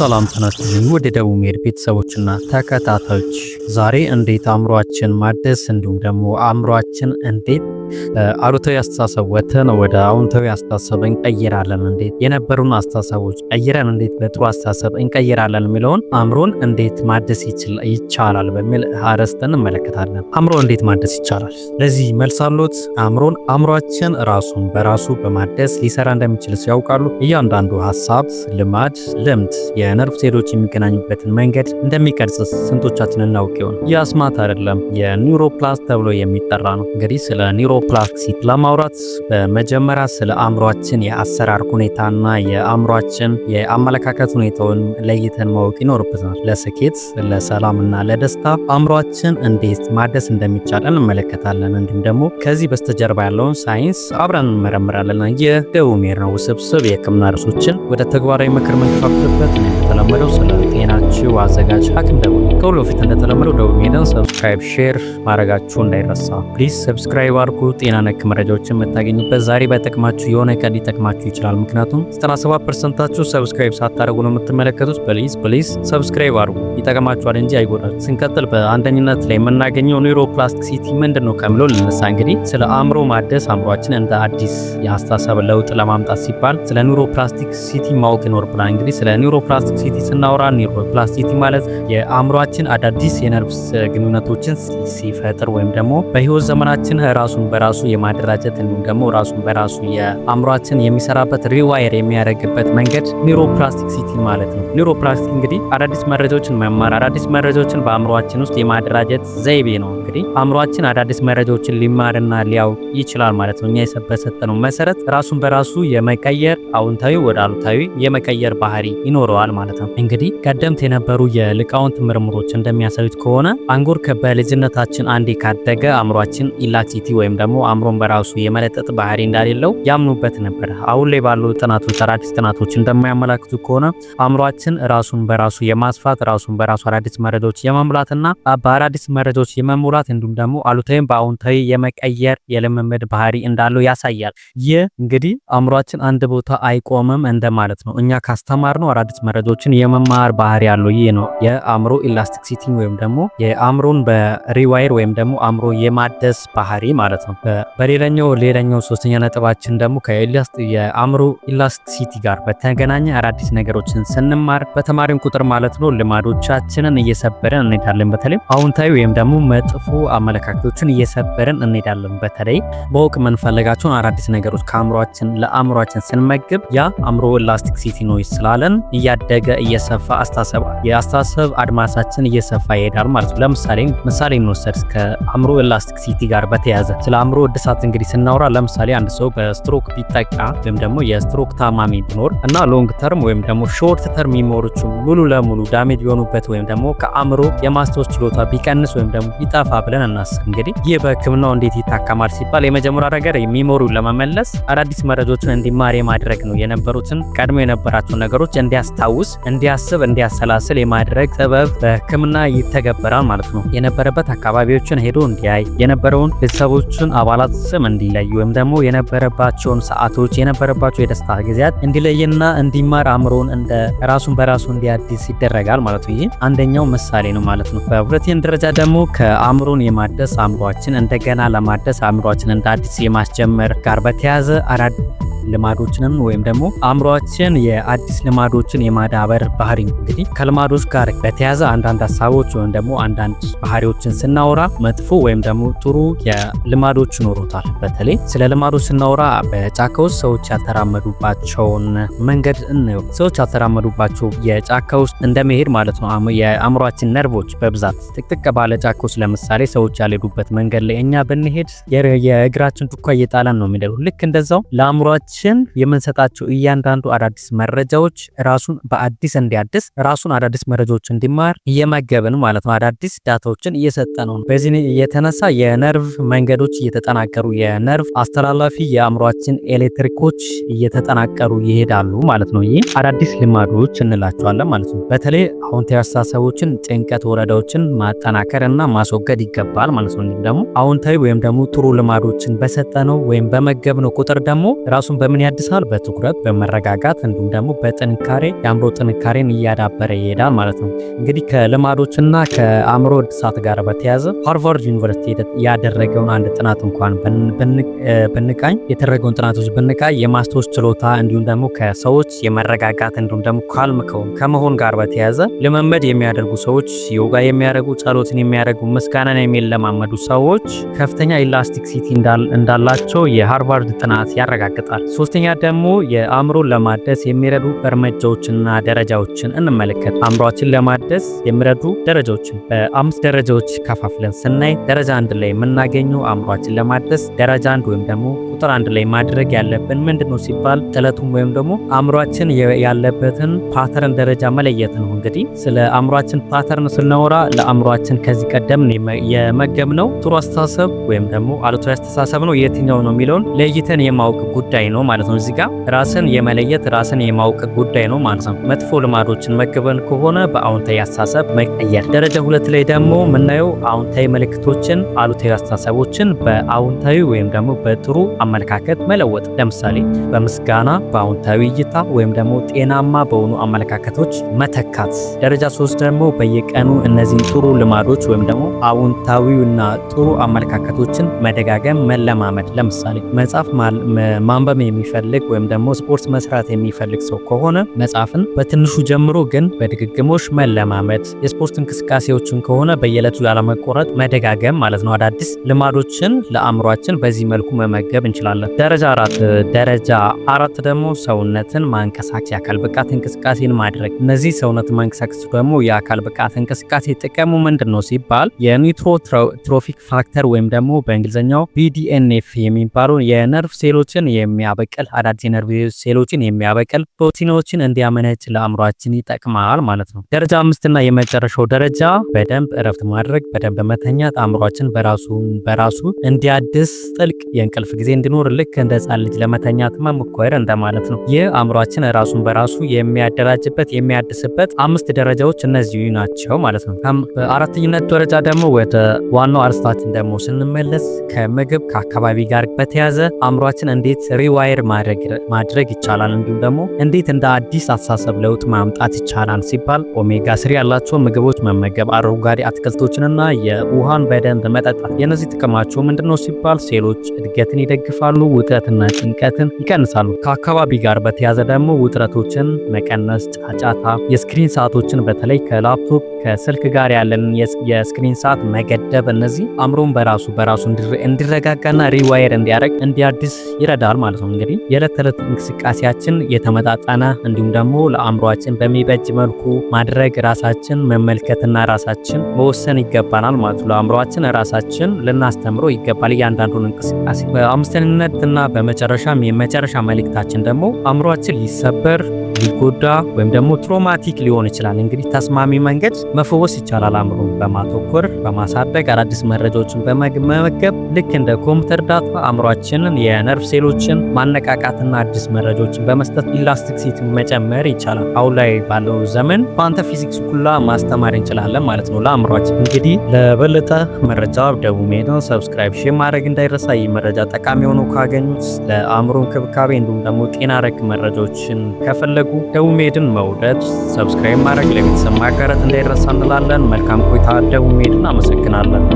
ሰላም ተነስተን ወደ ደቡብ ሜድ ቤተሰቦችና ተከታታዮች፣ ዛሬ እንዴት አእምሯችን ማደስ እንዲሁም ደግሞ አእምሯችን እንዴት አሉታዊ አስተሳሰብ ወጥተን ወደ አዎንታዊ አስተሳሰብ እንቀይራለን። እንዴት የነበሩን አስተሳሰቦች ቀይረን እንዴት በጥሩ አስተሳሰብ እንቀይራለን የሚለውን አእምሮን እንዴት ማደስ ይቻላል በሚል አርዕስት እንመለከታለን። አእምሮ እንዴት ማደስ ይቻላል? ለዚህ መልስ አሉት። አእምሮን አእምሯችን ራሱን በራሱ በማደስ ሊሰራ እንደሚችል ያውቃሉ። እያንዳንዱ ሀሳብ፣ ልማድ፣ ልምድ የነርቭ ሴሎች የሚገናኙበትን መንገድ እንደሚቀርጽ ስንቶቻችን እናውቅ ይሆን? የአስማት አይደለም የኒውሮፕላስ ተብሎ የሚጠራ ነው። እንግዲህ ስለ ኒውሮ ፕላክሲት ለማውራት በመጀመሪያ ስለ አእምሯችን የአሰራር ሁኔታና የአእምሯችን የአመለካከት ሁኔታውን ለይተን ማወቅ ይኖርብናል። ለስኬት ለሰላምና ለደስታ አእምሯችን እንዴት ማደስ እንደሚቻል እንመለከታለን። እንዲሁም ደግሞ ከዚህ በስተጀርባ ያለውን ሳይንስ አብረን እንመረምራለን። የደቡሜር ነው ውስብስብ የህክምና ርዕሶችን ወደ ተግባራዊ ምክር ምንከፋፍልበት እንደተለመደው ስለ ጤናችሁ አዘጋጅ ሐኪም ደግሞ ከሁሉ በፊት እንደተለመደው ደቡሜርን ሰብስክራይብ፣ ሼር ማድረጋችሁ እንዳይረሳ ፕሊዝ ሰብስክራይብ አድርጉ። ጤና ነክ መረጃዎችን የምታገኙበት ዛሬ ባይጠቅማችሁ የሆነ ቀን ሊጠቅማችሁ ይችላል። ምክንያቱም 97 ፐርሰንታችሁ ሰብስክራይብ ሳታደርጉ ነው የምትመለከቱት። ፕሊዝ ፕሊዝ ሰብስክራይብ አድርጉ፣ ይጠቅማችኋል እንጂ አይጎዳችሁ። ስንቀጥል በአንደኝነት ላይ የምናገኘው ኒውሮፕላስቲክ ሲቲ ምንድን ነው ከምለው ልነሳ። እንግዲህ ስለ አእምሮ ማደስ አእምሯችን እንደ አዲስ የአስተሳሰብ ለውጥ ለማምጣት ሲባል ስለ ኒውሮፕላስቲክ ሲቲ ማወቅ ይኖርብናል። እንግዲህ ስለ ኒውሮፕላስቲክ ሲቲ ስናወራ ኒውሮፕላስቲክ ማለት የአእምሯችን አዳዲስ የነርቭስ ግንኙነቶችን ሲፈጥር ወይም ደግሞ በህይወት ዘመናችን ራሱን በ በራሱ የማደራጀት እንዲሁም ደግሞ ራሱን በራሱ የአእምሯችን የሚሰራበት ሪዋየር የሚያደርግበት መንገድ ኒሮፕላስቲክ ሲቲ ማለት ነው። ኒውሮፕላስቲክ እንግዲህ አዳዲስ መረጃዎችን መማር፣ አዳዲስ መረጃዎችን በአእምሯችን ውስጥ የማደራጀት ዘይቤ ነው። እንግዲህ አእምሯችን አዳዲስ መረጃዎችን ሊማርና ሊያውቅ ይችላል ማለት ነው። እኛ በሰጠነው መሰረት ራሱን በራሱ የመቀየር አውንታዊ ወደ አሉታዊ የመቀየር ባህሪ ይኖረዋል ማለት ነው። እንግዲህ ቀደምት የነበሩ የልቃውንት ምርምሮች እንደሚያሳዩት ከሆነ አንጎል በልጅነታችን አንዴ ካደገ አእምሯችን ኢላክሲቲ ወይም ደግሞ ደግሞ አእምሮን በራሱ የመለጠጥ ባህሪ እንዳሌለው ያምኑበት ነበር። አሁን ላይ ባሉ ጥናቶች አዳዲስ ጥናቶች እንደማያመላክቱ ከሆነ አእምሯችን ራሱን በራሱ የማስፋት ራሱን በራሱ አዳዲስ መረጃዎች የመሙላትና በአዳዲስ መረጃዎች የመሙላት እንዲሁም ደግሞ አሉታዊም በአዎንታዊ የመቀየር የልምምድ ባህሪ እንዳለው ያሳያል። ይህ እንግዲህ አእምሯችን አንድ ቦታ አይቆምም እንደማለት ነው። እኛ ካስተማርነው አዳዲስ መረጃዎችን የመማር ባህሪ ያለው ይህ ነው የአእምሮ ኢላስቲክ ሲቲንግ ወይም ደግሞ የአእምሮን በሪዋይር ወይም ደግሞ አእምሮ የማደስ ባህሪ ማለት ነው። ነው። በሌላኛው ሌላኛው ሶስተኛ ነጥባችን ደግሞ የአእምሮ ኢላስቲሲቲ ጋር በተገናኘ አዳዲስ ነገሮችን ስንማር በተማሪን ቁጥር ማለት ነው ልማዶቻችንን እየሰበረን እንሄዳለን። በተለይ አዎንታዊ ወይም ደግሞ መጥፎ አመለካከቶችን እየሰበረን እንሄዳለን። በተለይ በውቅ የምንፈልጋቸውን አዳዲስ ነገሮች ከአእምሯችን ለአእምሯችን ስንመግብ ያ አእምሮ ኢላስቲሲቲ ነው ስላለን እያደገ እየሰፋ አስተሳሰብ የአስተሳሰብ አድማሳችን እየሰፋ ይሄዳል ማለት ነው። ለምሳሌ ምሳሌ እንወሰድ ከአእምሮ ኢላስቲሲቲ ጋር በተያያዘ ስለ አእምሮ እድሳት እንግዲህ ስናወራ ለምሳሌ አንድ ሰው በስትሮክ ቢጠቃ ወይም ደግሞ የስትሮክ ታማሚ ቢኖር እና ሎንግ ተርም ወይም ደግሞ ሾርት ተርም ሚሞሪዎቹ ሙሉ ለሙሉ ዳሜጅ የሆኑበት ወይም ደግሞ ከአእምሮ የማስታወስ ችሎታ ቢቀንስ ወይም ደግሞ ቢጠፋ ብለን እናስብ። እንግዲህ ይህ በህክምናው እንዴት ይታከማል ሲባል የመጀመሪያ ነገር ሚሞሪውን ለመመለስ አዳዲስ መረጃዎችን እንዲማር የማድረግ ነው። የነበሩትን ቀድሞ የነበራቸውን ነገሮች እንዲያስታውስ፣ እንዲያስብ፣ እንዲያሰላስል የማድረግ ጥበብ በህክምና ይተገበራል ማለት ነው። የነበረበት አካባቢዎችን ሄዶ እንዲያይ የነበረውን ቤተሰቦችን የቡድን አባላት ስም እንዲለይ ወይም ደግሞ የነበረባቸውን ሰዓቶች የነበረባቸው የደስታ ጊዜያት እንዲለይና እንዲማር አእምሮን እንደ ራሱን በራሱ እንዲያድስ ይደረጋል ማለት ነው። ይህ አንደኛው ምሳሌ ነው ማለት ነው። በሁለተኛ ደረጃ ደግሞ ከአእምሮን የማደስ አእምሯችን እንደገና ለማደስ አእምሯችን እንደ አዲስ የማስጀመር ጋር በተያያዘ አዳዲስ ልማዶችንም ወይም ደግሞ አእምሯችን የአዲስ ልማዶችን የማዳበር ባህሪ ነው። እንግዲህ ከልማዶች ጋር በተያያዘ አንዳንድ ሀሳቦች ወይም ደግሞ አንዳንድ ባህሪዎችን ስናወራ መጥፎ ወይም ደግሞ ጥሩ የልማዶች ይኖሩታል። በተለይ ስለ ልማዶች ስናወራ በጫካ ውስጥ ሰዎች ያልተራመዱባቸውን መንገድ እንየው። ሰዎች ያልተራመዱባቸው የጫካ ውስጥ እንደመሄድ ማለት ነው። የአእምሯችን ነርቮች በብዛት ጥቅጥቅ ባለ ጫካ ውስጥ ለምሳሌ ሰዎች ያልሄዱበት መንገድ ላይ እኛ ብንሄድ የእግራችን ዱካ እየጣለን ነው የሚደሉ ልክ እንደዛው ለአእምሯችን ለህዝባችን የምንሰጣቸው እያንዳንዱ አዳዲስ መረጃዎች ራሱን በአዲስ እንዲያድስ ራሱን አዳዲስ መረጃዎች እንዲማር እየመገብን ማለት ነው። አዳዲስ ዳታዎችን እየሰጠ ነው። በዚህ የተነሳ የነርቭ መንገዶች እየተጠናቀሩ፣ የነርቭ አስተላላፊ የአእምሯችን ኤሌክትሪኮች እየተጠናቀሩ ይሄዳሉ ማለት ነው። ይህ አዳዲስ ልማዶች እንላቸዋለን ማለት ነው። በተለይ አዎንታዊ አስተሳሰቦችን፣ ጭንቀት ወረዳዎችን ማጠናከር እና ማስወገድ ይገባል ማለት ነው። ደግሞ አዎንታዊ ወይም ደግሞ ጥሩ ልማዶችን በሰጠነው ወይም በመገብነው ቁጥር ደግሞ ራሱን በምን ያድሳል? በትኩረት በመረጋጋት እንዲሁም ደግሞ በጥንካሬ የአእምሮ ጥንካሬን እያዳበረ ይሄዳል ማለት ነው። እንግዲህ ከልማዶችና ከአእምሮ እድሳት ጋር በተያያዘ ሃርቫርድ ዩኒቨርሲቲ ያደረገውን አንድ ጥናት እንኳን ብንቃኝ የተደረገውን ጥናቶች ብንቃኝ የማስታወስ ችሎታ እንዲሁም ደግሞ ከሰዎች የመረጋጋት እንዲሁም ደግሞ ካልም ከመሆን ጋር በተያያዘ ልምምድ የሚያደርጉ ሰዎች፣ ዮጋ የሚያደርጉ፣ ጸሎትን የሚያደርጉ፣ ምስጋናን የሚለማመዱ ሰዎች ከፍተኛ ሲቲ እንዳላቸው የሃርቫርድ ጥናት ያረጋግጣል። ሶስተኛ ደግሞ የአእምሮን ለማደስ የሚረዱ እርምጃዎችና ደረጃዎችን እንመለከት። አእምሯችን ለማደስ የሚረዱ ደረጃዎችን በአምስት ደረጃዎች ከፋፍለን ስናይ ደረጃ አንድ ላይ የምናገኘው አእምሯችን ለማደስ ደረጃ አንድ ወይም ደግሞ ቁጥር አንድ ላይ ማድረግ ያለብን ምንድን ነው ሲባል ጥለቱን ወይም ደግሞ አእምሯችን ያለበትን ፓተርን ደረጃ መለየት ነው። እንግዲህ ስለ አእምሯችን ፓተርን ስናወራ ለአእምሯችን ከዚህ ቀደም የመገብ ነው ጥሩ አስተሳሰብ ወይም ደግሞ አሉታዊ አስተሳሰብ ነው የትኛው ነው የሚለውን ለይተን የማወቅ ጉዳይ ነው ማለት ነው። እዚህ ጋር ራስን የመለየት ራስን የማወቅ ጉዳይ ነው ማለት ነው። መጥፎ ልማዶችን መግበን ከሆነ በአዎንታዊ አስተሳሰብ መቀየር። ደረጃ ሁለት ላይ ደግሞ የምናየው አዎንታዊ ምልክቶችን፣ አሉታዊ አስተሳሰቦችን በአዎንታዊ ወይም ደግሞ በጥሩ አመለካከት መለወጥ። ለምሳሌ በምስጋና በአዎንታዊ እይታ ወይም ደግሞ ጤናማ በሆኑ አመለካከቶች መተካት። ደረጃ ሶስት ደግሞ በየቀኑ እነዚህን ጥሩ ልማዶች ወይም ደግሞ አዎንታዊና ጥሩ አመለካከቶችን መደጋገም መለማመድ። ለምሳሌ መጽሐፍ ማንበብ የሚፈልግ ወይም ደግሞ ስፖርት መስራት የሚፈልግ ሰው ከሆነ መጽሐፍን በትንሹ ጀምሮ ግን በድግግሞሽ መለማመድ። የስፖርት እንቅስቃሴዎችን ከሆነ በየዕለቱ ያለመቆረጥ መደጋገም ማለት ነው። አዳዲስ ልማዶችን ለአእምሯችን በዚህ መልኩ መመገብ እንችላለን። እንችላለን። ደረጃ አራት ደረጃ አራት ደግሞ ሰውነትን ማንቀሳቀስ የአካል ብቃት እንቅስቃሴን ማድረግ። እነዚህ ሰውነት ማንቀሳቀስ ደግሞ የአካል ብቃት እንቅስቃሴ ጥቅሙ ምንድን ነው ሲባል የኒትሮትሮፊክ ትሮፊክ ፋክተር ወይም ደግሞ በእንግሊዝኛው ቢዲኤንኤፍ የሚባሉ የነርቭ ሴሎችን የሚያበቅል አዳዲስ የነርቭ ሴሎችን የሚያበቅል ፕሮቲኖችን እንዲያመነጭ ለአእምሯችን ይጠቅማል ማለት ነው። ደረጃ አምስትና የመጨረሻው ደረጃ በደንብ እረፍት ማድረግ፣ በደንብ መተኛት አእምሯችን በራሱ በራሱ እንዲያድስ ጥልቅ የእንቅልፍ ጊዜ እንዲ ሲኖር ልክ እንደ ህጻን ልጅ ለመተኛትማ መኳየር እንደማለት ነው። ይህ አእምሯችን ራሱን በራሱ የሚያደራጅበት የሚያድስበት አምስት ደረጃዎች እነዚህ ናቸው ማለት ነው። በአራተኝነት ደረጃ ደግሞ ወደ ዋናው አርስታችን ደግሞ ስንመለስ ከምግብ ከአካባቢ ጋር በተያዘ አእምሯችን እንዴት ሪዋይር ማድረግ ይቻላል እንዲሁም ደግሞ እንዴት እንደ አዲስ አሳሰብ ለውጥ ማምጣት ይቻላል ሲባል ኦሜጋ ስሪ ያላቸው ምግቦች መመገብ፣ አረንጓዴ አትክልቶችንና የውሃን በደንብ መጠጣት የነዚህ ጥቅማቸው ምንድነው ሲባል ሴሎች እድገትን ይደግፋል ይደግፋሉ፣ ውጥረትና ጭንቀትን ይቀንሳሉ። ከአካባቢ ጋር በተያያዘ ደግሞ ውጥረቶችን መቀነስ፣ ጫጫታ፣ የስክሪን ሰዓቶችን በተለይ ከላፕቶፕ ከስልክ ጋር ያለን የስክሪን ሰዓት መገደብ፣ እነዚህ አእምሮን በራሱ በራሱ እንዲረጋጋና ሪዋየር እንዲያደርግ እንዲያድስ ይረዳል ማለት ነው። እንግዲህ የዕለት ተዕለት እንቅስቃሴያችን የተመጣጠነ እንዲሁም ደግሞ ለአእምሮአችን በሚበጅ መልኩ ማድረግ ራሳችን መመልከትና ራሳችን መወሰን ይገባናል ማለት ነው። ለአእምሮአችን ራሳችን ልናስተምሮ ይገባል እያንዳንዱን እንቅስቃሴ በአምስተኝነትና በመጨረሻም የመጨረሻ መልእክታችን ደግሞ አእምሮአችን ሊሰበር ሊጎዳ ወይም ደግሞ ትሮማቲክ ሊሆን ይችላል። እንግዲህ ተስማሚ መንገድ መፈወስ ይቻላል። አእምሮን በማተኮር በማሳደግ አዳዲስ መረጃዎችን በመመገብ ልክ እንደ ኮምፒውተር ዳታ አእምሯችንን የነርቭ ሴሎችን ማነቃቃትና አዲስ መረጃዎችን በመስጠት ሲቲ መጨመር ይቻላል። አሁን ላይ ባለው ዘመን ኳንተም ፊዚክስ ሁላ ማስተማር እንችላለን ማለት ነው ለአእምሯችን። እንግዲህ ለበለጠ መረጃ ደቡብ ሜድን ሰብስክራይብ፣ ሼር ማድረግ እንዳይረሳ። ይህ መረጃ ጠቃሚ ሆኖ ካገኙት ለአእምሮ እንክብካቤ እንዲሁም ደግሞ ጤና ረክ መረጃዎችን ከፈለ ከፈለጉ ደቡብ ሜድን መውደድ፣ ሰብስክራይብ ማድረግ ለቤተሰብ ማጋራት እንዳይረሳ እንላለን። መልካም ቆይታ። ደቡብ ሜድን አመሰግናለን።